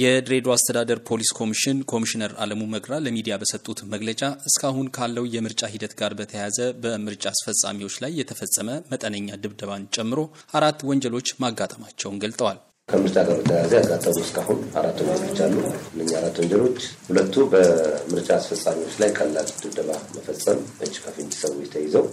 የድሬዳዋ አስተዳደር ፖሊስ ኮሚሽን ኮሚሽነር አለሙ መግራ ለሚዲያ በሰጡት መግለጫ እስካሁን ካለው የምርጫ ሂደት ጋር በተያያዘ በምርጫ አስፈጻሚዎች ላይ የተፈጸመ መጠነኛ ድብደባን ጨምሮ አራት ወንጀሎች ማጋጠማቸውን ገልጠዋል። ከምርጫ ጋር በተያያዘ ያጋጠሙ እስካሁን አራት ወንጀሎች አሉ። እነኛ አራት ወንጀሎች ሁለቱ በምርጫ አስፈጻሚዎች ላይ ቀላል ድብደባ መፈጸም፣ እጅ ከፍንጅ ሰዎች ተይዘው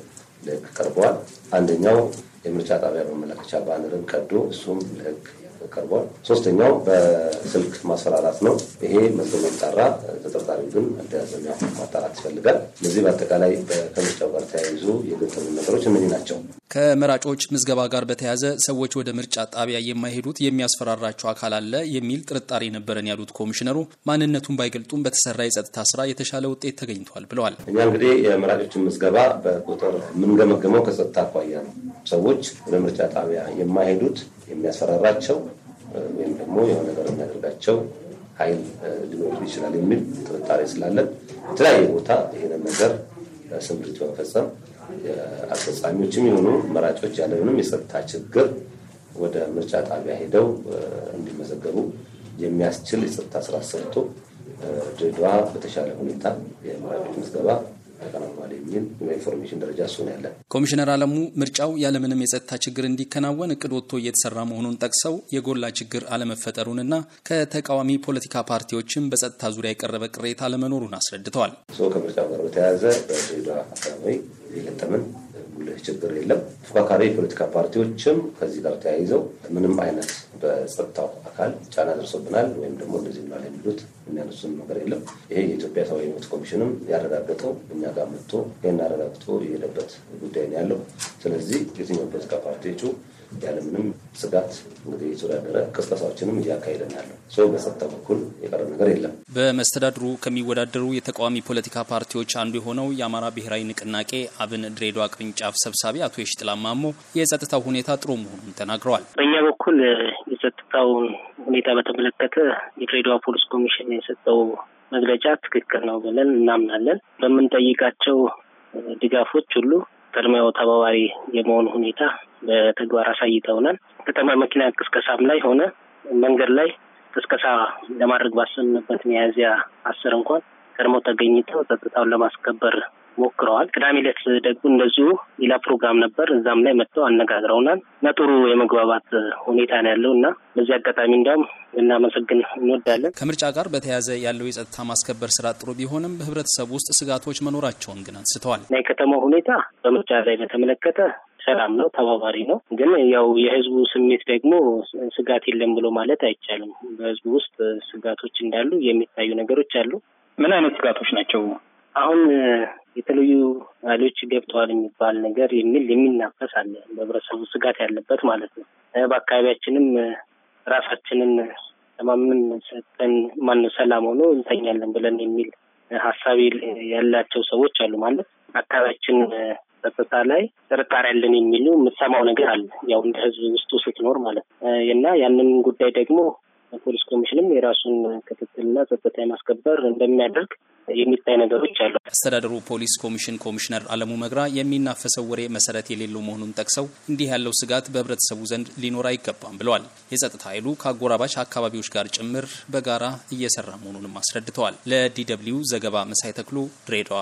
ለህግ ቀርበዋል። አንደኛው የምርጫ ጣቢያ መመላከቻ ባነርን ቀዶ እሱም ለህግ ቀርቧል። ሶስተኛው በስልክ ማስፈራራት ነው። ይሄ መስሎ የሚጣራ ተጠርጣሪው ግን እንደዘኛ ማጣራት ይፈልጋል። ለዚህ በአጠቃላይ በከምስቱ ተያይዞ የገጠሙ ነገሮች እነዚህ ናቸው። ከመራጮች ምዝገባ ጋር በተያያዘ ሰዎች ወደ ምርጫ ጣቢያ የማይሄዱት የሚያስፈራራቸው አካል አለ የሚል ጥርጣሬ ነበረን ያሉት ኮሚሽነሩ ማንነቱን ባይገልጡም በተሰራ የጸጥታ ስራ የተሻለ ውጤት ተገኝቷል ብለዋል። እኛ እንግዲህ የመራጮችን ምዝገባ በቁጥር የምንገመገመው ከጸጥታ አኳያ ነው። ሰዎች ወደ ምርጫ ጣቢያ የማይሄዱት የሚያስፈራራቸው ወይም ደግሞ የሆነ ነገር የሚያደርጋቸው ኃይል ሊኖር ይችላል የሚል ጥርጣሬ ስላለን የተለያየ ቦታ ይሄንን ነገር ስምሪት በመፈጸም አስፈጻሚዎችም የሆኑ መራጮች ያለምንም የጸጥታ ችግር ወደ ምርጫ ጣቢያ ሄደው እንዲመዘገቡ የሚያስችል የጸጥታ ስራ ሰርቶ ድሬዳዋ በተሻለ ሁኔታ የመራጮች ምዝገባ ተከናውኗል የሚል በኢንፎርሜሽን ደረጃ እሱ ነው ያለን። ኮሚሽነር አለሙ ምርጫው ያለምንም የጸጥታ ችግር እንዲከናወን እቅድ ወጥቶ እየተሰራ መሆኑን ጠቅሰው የጎላ ችግር አለመፈጠሩንና ከተቃዋሚ ፖለቲካ ፓርቲዎችም በጸጥታ ዙሪያ የቀረበ ቅሬታ አለመኖሩን አስረድተዋል። ከምርጫው ጋር በተያያዘ በድሬዳዋ አካባቢ የገጠምን ጉልህ ችግር የለም። ተፎካካሪ የፖለቲካ ፓርቲዎችም ከዚህ ጋር ተያይዘው ምንም አይነት በጸጥታው አካል ጫና ደርሶብናል ወይም ደግሞ እንደዚህ ብሏል የሚሉት የሚያነሱን ነገር የለም። ይሄ የኢትዮጵያ ሰብአዊ መብት ኮሚሽንም ያረጋገጠው እኛ ጋር መጥቶ ይህን አረጋግጦ የሄደበት ጉዳይ ነው ያለው። ስለዚህ የትኛው ፖለቲካ ፓርቲዎቹ ያለምንም ስጋት እንግዲህ የተወዳደረ ቅስቀሳዎችንም እያካሄደን ያለው። ሰው በጸጥታ በኩል የቀረ ነገር የለም። በመስተዳድሩ ከሚወዳደሩ የተቃዋሚ ፖለቲካ ፓርቲዎች አንዱ የሆነው የአማራ ብሔራዊ ንቅናቄ አብን ድሬዳዋ ቅርንጫፍ ሰብሳቢ አቶ የሽጥላ ማሞ የጸጥታው ሁኔታ ጥሩ መሆኑን ተናግረዋል። በእኛ በኩል የጸጥታው ሁኔታ በተመለከተ የድሬዳዋ ፖሊስ ኮሚሽን የሰጠው መግለጫ ትክክል ነው ብለን እናምናለን። በምንጠይቃቸው ድጋፎች ሁሉ ቅድሚያው ተባባሪ የመሆን ሁኔታ በተግባር አሳይተውናል። ከተማ መኪና ቅስቀሳም ላይ ሆነ መንገድ ላይ ቅስቀሳ ለማድረግ ባሰብንበት ሚያዝያ አስር እንኳን ቀድሞ ተገኝተው ጸጥታውን ለማስከበር ሞክረዋል። ቅዳሜ ዕለት ደግሞ እንደዚሁ ሌላ ፕሮግራም ነበር። እዛም ላይ መጥተው አነጋግረውናል እና ጥሩ የመግባባት ሁኔታ ነው ያለው እና በዚህ አጋጣሚ እንዲያውም እናመሰግን እንወዳለን። ከምርጫ ጋር በተያያዘ ያለው የጸጥታ ማስከበር ስራ ጥሩ ቢሆንም በህብረተሰቡ ውስጥ ስጋቶች መኖራቸውን ግን አንስተዋል። እና የከተማው ሁኔታ በምርጫ ላይ በተመለከተ ሰላም ነው፣ ተባባሪ ነው። ግን ያው የህዝቡ ስሜት ደግሞ ስጋት የለም ብሎ ማለት አይቻልም። በህዝቡ ውስጥ ስጋቶች እንዳሉ የሚታዩ ነገሮች አሉ። ምን አይነት ስጋቶች ናቸው? አሁን የተለዩ ኃይሎች ገብተዋል የሚባል ነገር የሚል የሚናፈስ አለ። በህብረተሰቡ ስጋት ያለበት ማለት ነው። በአካባቢያችንም ራሳችንን ለማመን ሰጠን ማን ሰላም ሆኖ እንተኛለን ብለን የሚል ሀሳብ ያላቸው ሰዎች አሉ። ማለት አካባቢያችን ጸጥታ ላይ ጥርጣሬ ያለን የሚሉ የምትሰማው ነገር አለ። ያው እንደ ህዝብ ውስጡ ስትኖር ማለት እና ያንን ጉዳይ ደግሞ ፖሊስ ኮሚሽንም የራሱን ክትትልና ጸጥታ የማስከበር እንደሚያደርግ የሚታይ ነገሮች አሉ። አስተዳደሩ ፖሊስ ኮሚሽን ኮሚሽነር አለሙ መግራ የሚናፈሰው ወሬ መሰረት የሌለው መሆኑን ጠቅሰው እንዲህ ያለው ስጋት በህብረተሰቡ ዘንድ ሊኖር አይገባም ብለዋል። የጸጥታ ኃይሉ ከአጎራባች አካባቢዎች ጋር ጭምር በጋራ እየሰራ መሆኑንም አስረድተዋል። ለዲ ደብልዩ ዘገባ መሳይ ተክሉ ድሬዳዋ